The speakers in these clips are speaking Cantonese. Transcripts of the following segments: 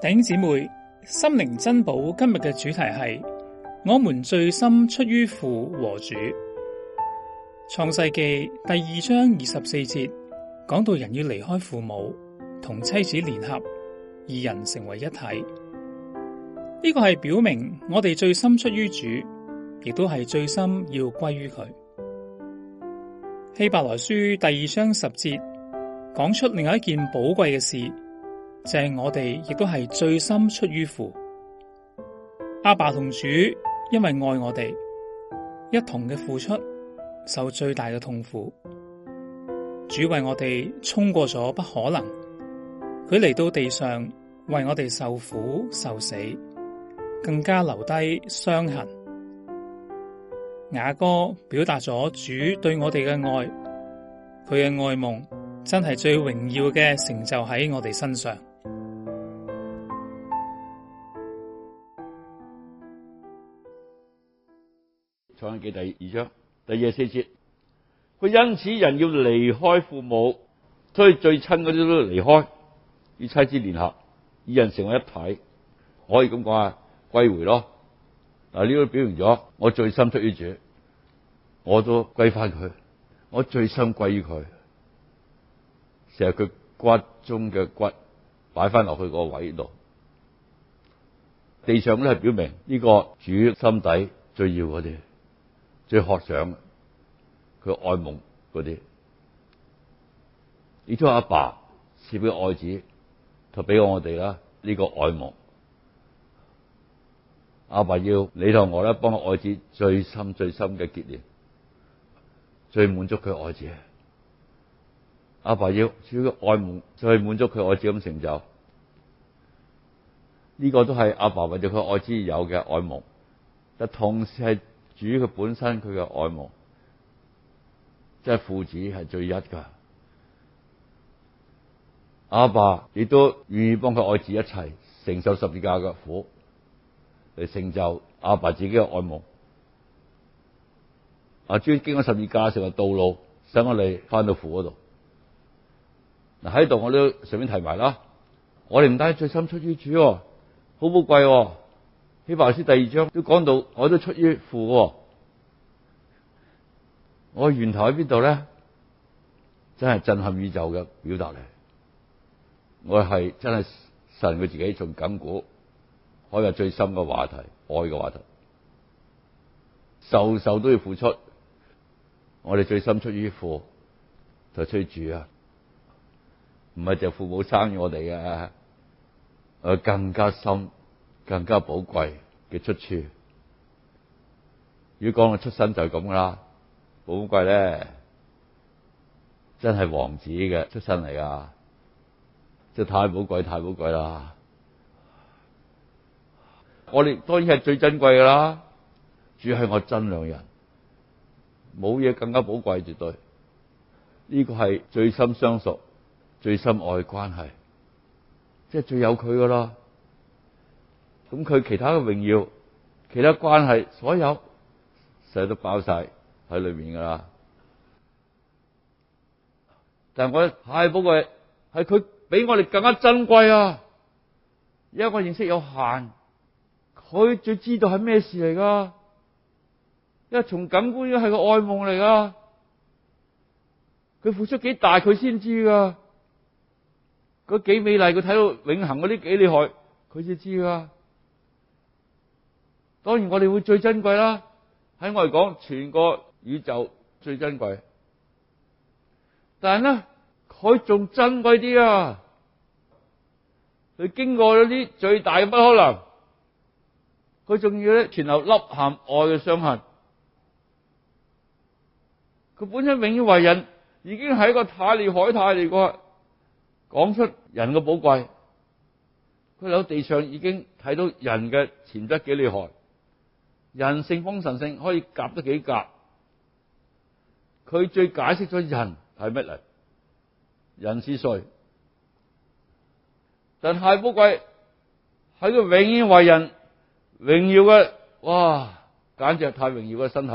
頂姊妹，心靈珍寶，今日嘅主題係我們最深出於父和主。創世記第二章二十四節講到人要離開父母，同妻子連合，二人成為一體。呢、這個係表明我哋最深出於主，亦都係最深要歸於佢。希伯來書第二章十節講出另外一件寶貴嘅事。就係我哋亦都係最深出於父，阿爸同主因為愛我哋，一同嘅付出，受最大嘅痛苦。主為我哋衝過咗不可能，佢嚟到地上為我哋受苦受死，更加留低傷痕。雅歌表達咗主對我哋嘅愛，佢嘅愛夢真係最榮耀嘅成就喺我哋身上。第二章第二四節，佢因此人要離開父母，所以最親嗰啲都離開，與妻子聯合，二人成為一體，可以咁講啊，歸回咯。嗱，呢個都表現咗我最深出於主，我都歸翻佢，我最深歸於佢，成日佢骨中嘅骨擺翻落去個位度，地上都係表明呢個主心底最要嗰啲。最渴想佢愛慕嗰啲，你將阿爸賜俾愛子，就俾我哋啦。呢個愛慕，阿爸要你同我咧，幫個愛子最深，最深、最深嘅結連，最滿足佢愛子。阿爸要主要愛慕，最滿足佢愛子咁成就。呢個都係阿爸為咗佢愛子而有嘅愛慕，但同時係。至於佢本身佢嘅愛慕，即係父子係最一噶。阿爸亦都願意幫佢愛子一齊承受十字架嘅苦，嚟成就阿爸自己嘅愛慕。阿、啊、主經咗十字架成為道路，等我哋翻到父嗰度。嗱，喺度我都順便提埋啦，我哋唔單止最深出於主、啊，好寶貴。呢白書第二章都講到我都出於父嘅，我源頭喺邊度咧？真係震撼宇宙嘅表達嚟，我係真係神佢自己仲感估。我係最深嘅話題，愛嘅話題，受受都要付出，我哋最深出於父，就是主啊，唔係就父母生我哋啊，我更加深。更加寶貴嘅出處，如果講到出身就係咁噶啦，寶貴咧真係王子嘅出身嚟噶，即係太寶貴、太寶貴啦！我哋當然係最珍貴噶啦，主係我真良人，冇嘢更加寶貴絕對，呢個係最深相熟、最深愛關係，即係最有佢噶啦。咁佢其他嘅榮耀、其他關係、所有，成日都包晒喺裏面噶啦。但係我太寶貴，係佢比我哋更加珍貴啊！因為我認識有限，佢最知道係咩事嚟噶。因為從感官係個愛慕嚟噶，佢付出幾大佢先知噶，佢幾美麗佢睇到永恆嗰啲幾厲害，佢先知噶。當然我哋會最珍貴啦，喺我嚟講，全個宇宙最珍貴。但係咧，佢仲珍貴啲啊！佢經過咗啲最大嘅不可能，佢仲要咧，前後凹陷愛嘅傷痕。佢本身永遠為人，已經係一個太厲害太厲害，講出人嘅寶貴。佢喺地上已經睇到人嘅潛質幾厲害。人性，風神性可以夾得幾夾？佢最解釋咗人係乜嚟？人是誰？但太寶貴喺個永遠為人榮耀嘅，哇！簡直係太榮耀嘅身體。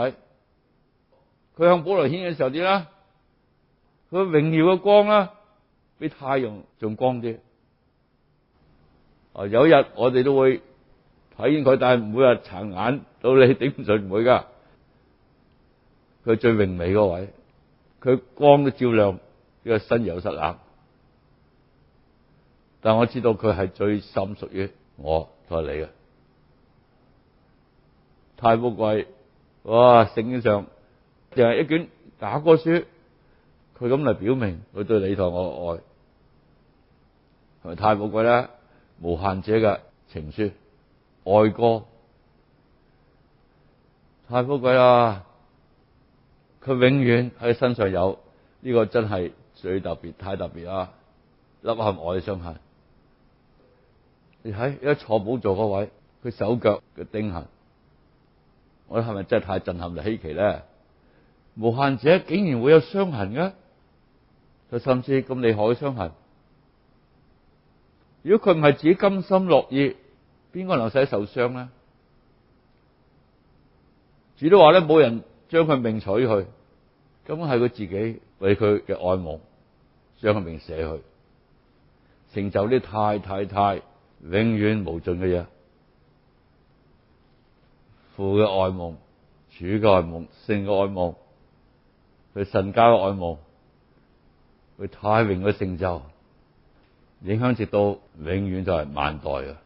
佢向保羅顯嘅時候啲啦，佢榮耀嘅光啦，比太陽仲光啲。啊，有一日我哋都會。睇見佢，但係唔會話殘眼到你頂唔順，唔會噶。佢最明媚嗰位，佢光都照亮呢個身有失冷。但係我知道佢係最深屬於我同埋你嘅，太寶貴。哇！聖經上淨係一卷雅歌書，佢咁嚟，表明佢對你同我嘅愛，係咪太寶貴啦？無限者嘅情書。外哥太寶貴啦！佢永遠喺身上有呢個真係最特別、太特別啦！凹陷外傷痕，你睇一坐寶座個位，佢手腳嘅釘痕，我哋係咪真係太震撼、就稀奇咧？無限者竟然會有傷痕嘅，佢甚至咁厲害嘅傷痕，如果佢唔係自己甘心樂意。邊個能使受傷咧？主都話咧，冇人將佢命取去，根本係佢自己為佢嘅愛慕將佢命捨去，成就啲太太太永遠無盡嘅嘢，父嘅愛慕、主嘅愛慕、聖嘅愛慕、佢神家嘅愛慕，佢太榮嘅成就，影響直到永遠，就係萬代啊！